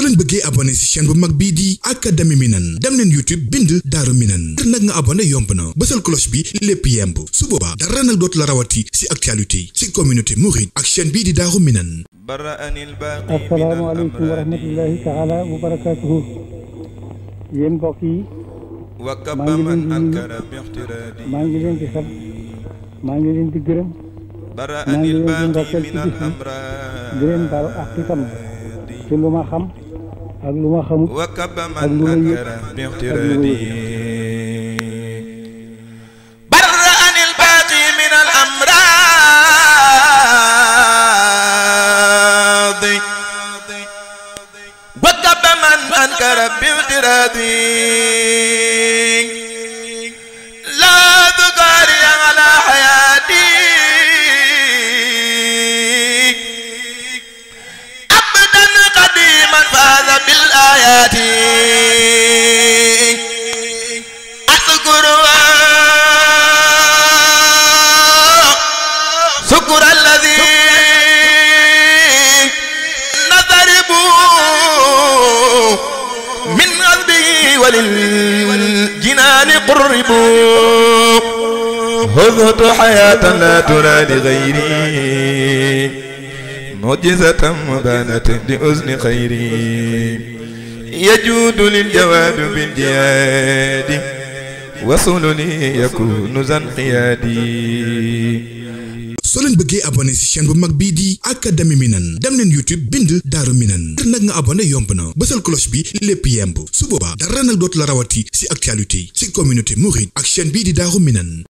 soo leen bëggee abonné ci chaîne bu mag bii di académie Minane dem leen YouTube bind Daaru Minane ngir nag nga abonné yomb na bësal cloche bi lépp yemb su dara nag dootu la rawati ci actualité ci communauté mouride ak chaîne bii di Daaru Minane assalaamu aleykum wa rahmatullahi taala wa barakaatuhu yéen mbokk maa ngi leen di maa maa ngi leen di gërëm maa ngi leen di ndokkeel ci bis bi di ma xam ak lu ma xamut ak lu ma yëg ak lu ma yëg barra anil baaqi min al amraadi wa kaba man ankara bi i'tiraadi من قلبي وللجنان قربوا هذت حياة لا ترى لغيري معجزة مبانة لأذن خيري يجود للجواد بالجياد وصلني يكون زن قيادي soo leen bëggee abone ci chaîne bu mag bii di ak académie minan dem leen YouTube bind Daaru Minane ngir nag nga abonné yomb na bësal cloche bi lépp yemb su boobaa dara nag dootu la rawati ci actualité ci communauté mouride ak chaîne bii di Daaru Minane